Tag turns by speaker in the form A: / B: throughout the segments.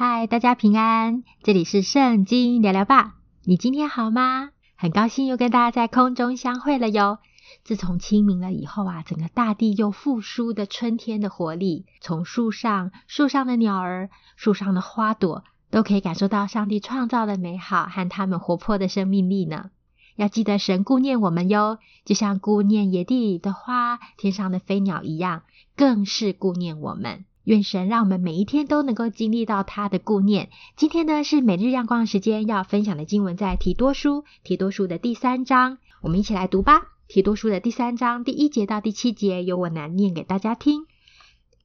A: 嗨，大家平安，這裡是聖經聊聊吧。你今天好嗎？很高興又跟大家在空中相會了喲。自從清明了以後啊，整個大地又復甦的春天的活力，從樹上、樹上的鳥兒、樹上的花朵，都可以感受到上帝創造的美好和他們活潑的生命力呢。要記得神顧念我們喲，就像顧念野地裡的花、天上的飛鳥一樣，更是顧念我們。願神讓我們每一天都能夠經歷到他的顧念。今天呢，是每日亮光時間，要分享的經文在提多書，提多書的第三章，我們一起來讀吧。提多書的第三章第一節到第七節，由我來念給大家聽。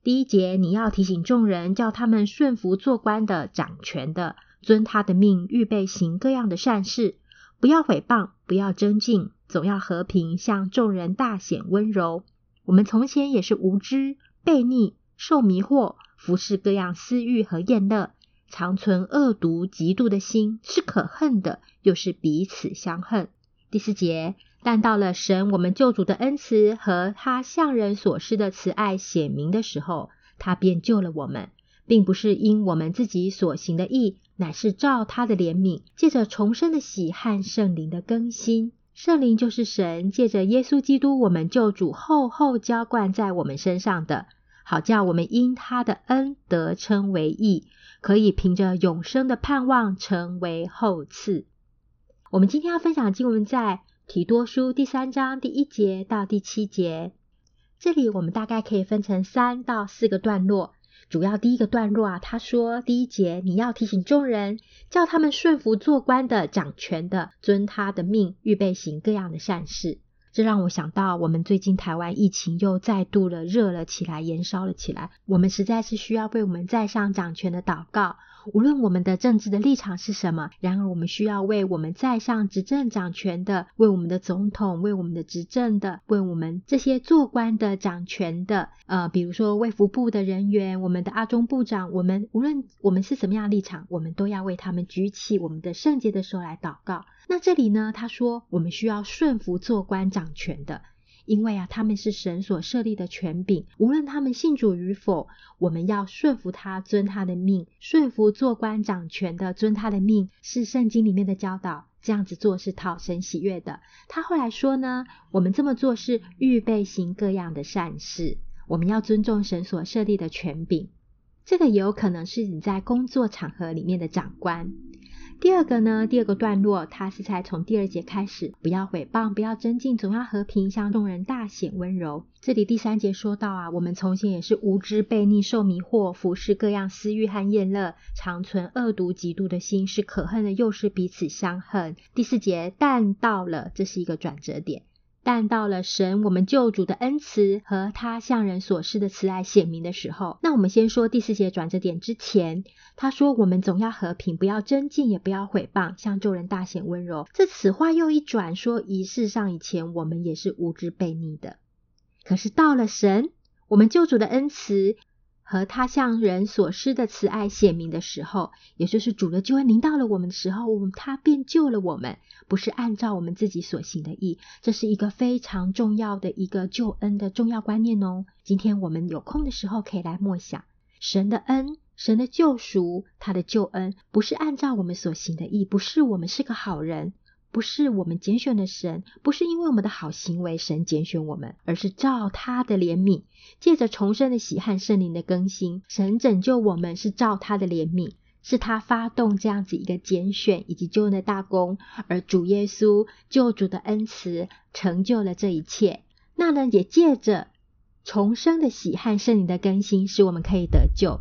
A: 第一節，你要提醒眾人，叫他們順服做官的、掌權的，遵他的命，預備行各樣的善事，不要毀謗，不要爭競，總要和平，向眾人大顯溫柔。我們從前也是無知、悖逆。受迷惑，服侍各樣私欲和宴樂，常存惡毒、嫉妒的心，是可恨的，又是彼此相恨。第四節，但到了神我們救主的恩慈和他向人所施的慈愛顯明的時候，他便救了我們，並不是因我們自己所行的義，乃是照他的憐憫，借着重生的洗和聖靈的更新。聖靈就是神借着耶穌基督我們救主厚厚澆灌在我們身上的。好叫我們因他的恩得稱為義，可以憑着永生的盼望成為後嗣。我們今天要分享經文在提多書第三章第一節到第七節，這裡我們大概可以分成三到四個段落。主要第一個段落啊，他說，第一節，你要提醒眾人，叫他們順服做官的、掌權的，遵他的命，預備行各樣的善事。這讓我想到，我們最近台灣疫情又再度的熱了起來，延燒了起來。我們實在是需要為我們在上掌權的禱告，無論我們的政治的立場是什麼。然而，我們需要為我們在上執政掌權的，為我們的總統，為我們的執政的，為我們這些做官的掌權的，呃，比如說衛福部的人員，我們的阿中部長，我們無論我們是什麼樣的立場，我們都要為他們舉起我們的聖潔的手來禱告。那這裡呢，他說，我們需要順服做官掌權的，因為啊，他們是神所設立的權柄，無論他們信主與否，我們要順服他，遵他的命，順服做官掌權的，遵他的命，是聖經裡面的教導。這樣子做是討神喜悅的。他後來說呢，我們這麼做是預備行各樣的善事，我們要尊重神所設立的權柄。這個也有可能是你在工作場合裡面的長官。第二個呢，第二個段落，它是才從第二節開始，不要毀謗，不要爭競，總要和平，向眾人大顯溫柔。這裡第三節說到啊，我們從前也是無知，悖逆受迷惑，服事各樣私慾和宴樂，常存惡毒嫉妒的心，是可恨的，又是彼此相恨。第四節，但到了，這是一個轉折點。但到了神我們救主的恩慈和他向人所示的慈愛顯明的時候，那我們先說第四節轉折點之前，他說我們總要和平，不要爭競，也不要毀謗，向眾人大顯溫柔。這此話又一轉，說儀式上以前我們也是無知悖逆的，可是到了神我們救主的恩慈，和他向人所施的慈愛顯明的時候，也就是主的救恩臨到了我們的時候，他便救了我們，不是按照我們自己所行的義。這是一個非常重要的一個救恩的重要觀念哦。今天我們有空的時候可以來默想神的恩、神的救贖、他的救恩，不是按照我們所行的義，不是我們是個好人。不是我們揀選的神，不是因為我們的好行為，神揀選我們，而是照他的憐憫，借着重生的洗和聖靈的更新。神拯救我們是照他的憐憫，是他發動這樣子一個揀選以及救恩的大功，而主耶穌救主的恩慈成就了這一切。那呢也借着重生的洗和聖靈的更新，使我們可以得救。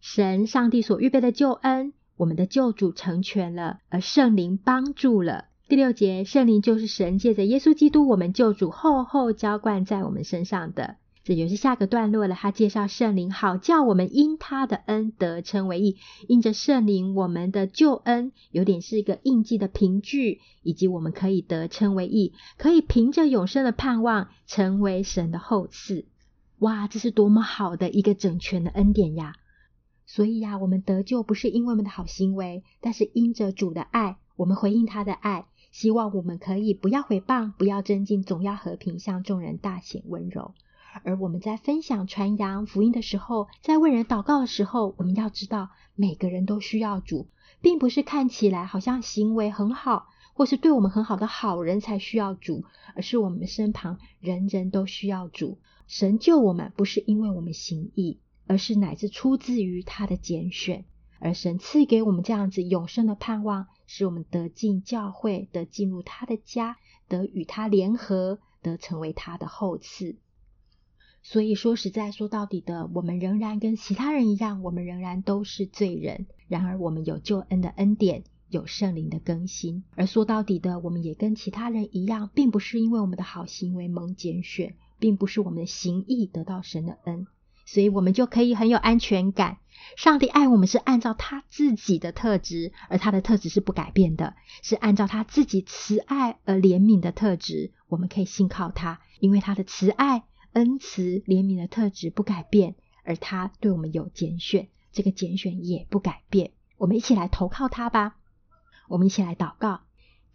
A: 神上帝所預備的救恩，我們的救主成全了，而聖靈幫助了。第六節，聖靈就是神借着耶穌基督我們救主厚厚澆灌在我們身上的。這就是下個段落了。他介紹聖靈好，好叫我們因他的恩得稱為義，因着聖靈我們的救恩，有點是一個印記的憑據，以及我們可以得稱為義，可以憑着永生的盼望成為神的後嗣。哇，這是多麼好的一個整全的恩典呀！所以呀、啊，我們得救不是因為我們的好行為，但是因着主的愛，我們回應他的愛。希望我們可以不要毀謗，不要爭競，總要和平，向眾人大顯溫柔。而我們在分享、傳揚福音的時候，在為人禱告的時候，我們要知道，每個人都需要主，並不是看起來好像行為很好，或是對我們很好的好人才需要主，而是我們身旁人人都需要主。神救我們，不是因為我們行義，而是乃至出自於他的揀選。而神賜給我們這樣子永生的盼望，使我們得進教會，得進入他的家，得與他聯合，得成為他的後嗣。所以說實在說到底的，我們仍然跟其他人一樣，我們仍然都是罪人。然而我們有救恩的恩典，有聖靈的更新。而說到底的，我們也跟其他人一樣，並不是因為我們的好行為蒙揀選，並不是我們的行義得到神的恩，所以我們就可以很有安全感。上帝愛我們是按照他自己的特質，而他的特質是不改變的，是按照他自己慈愛而憐憫的特質，我們可以信靠他，因為他的慈愛、恩慈、憐憫的特質不改變，而他對我們有揀選，這個揀選也不改變。我們一起來投靠他吧，我們一起來禱告，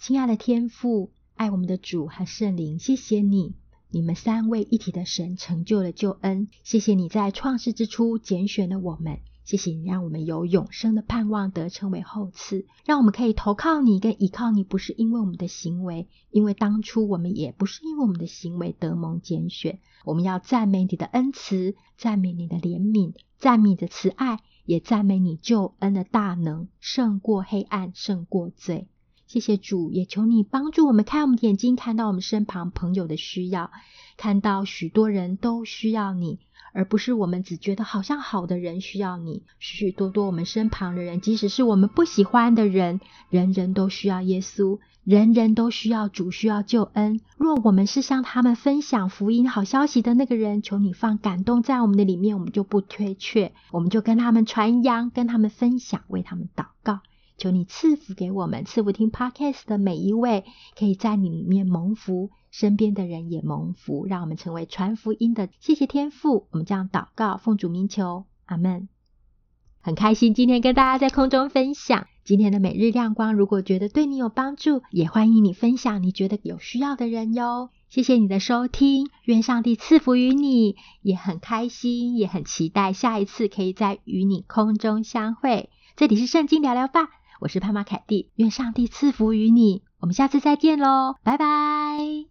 A: 親愛的天父，愛我們的主和聖靈，謝謝你，你們三位一體的神成就了救恩，謝謝你在創世之初揀選了我們。謝謝你，讓我們有永生的盼望得稱為後嗣，讓我們可以投靠你跟依靠你，不是因為我們的行為，因為當初我們也不是因為我們的行為得蒙揀選。我們要讚美你的恩慈，讚美你的憐憫，讚美你的慈愛，也讚美你救恩的大能，勝過黑暗，勝過罪。謝謝主，也求你幫助我們，開我們眼睛，看到我們身旁朋友的需要，看到許多人都需要你，而不是我們只覺得好像好的人需要你。許許多多我們身旁的人，即使是我們不喜歡的人，人人都需要耶穌，人人都需要主，需要救恩。若我們是向他們分享福音好消息的那個人，求你放感動在我們的裡面，我們就不推卻，我們就跟他們傳揚，跟他們分享，為他們禱。求你賜福給我們，賜福聽 Podcast 的每一位，可以在你裡面蒙福，身邊的人也蒙福，讓我們成為傳福音的。謝謝天父，我們這樣禱告奉主名求，阿門。很開心今天跟大家在空中分享今天的每日亮光。如果覺得對你有幫助，也歡迎你分享你覺得有需要的人喲。謝謝你的收聽，願上帝賜福於你。也很開心，也很期待下一次可以再與你空中相會。這裡是聖經聊聊吧。我是帕瑪凱蒂，願上帝賜福於你。我們下次再見嘍，拜拜。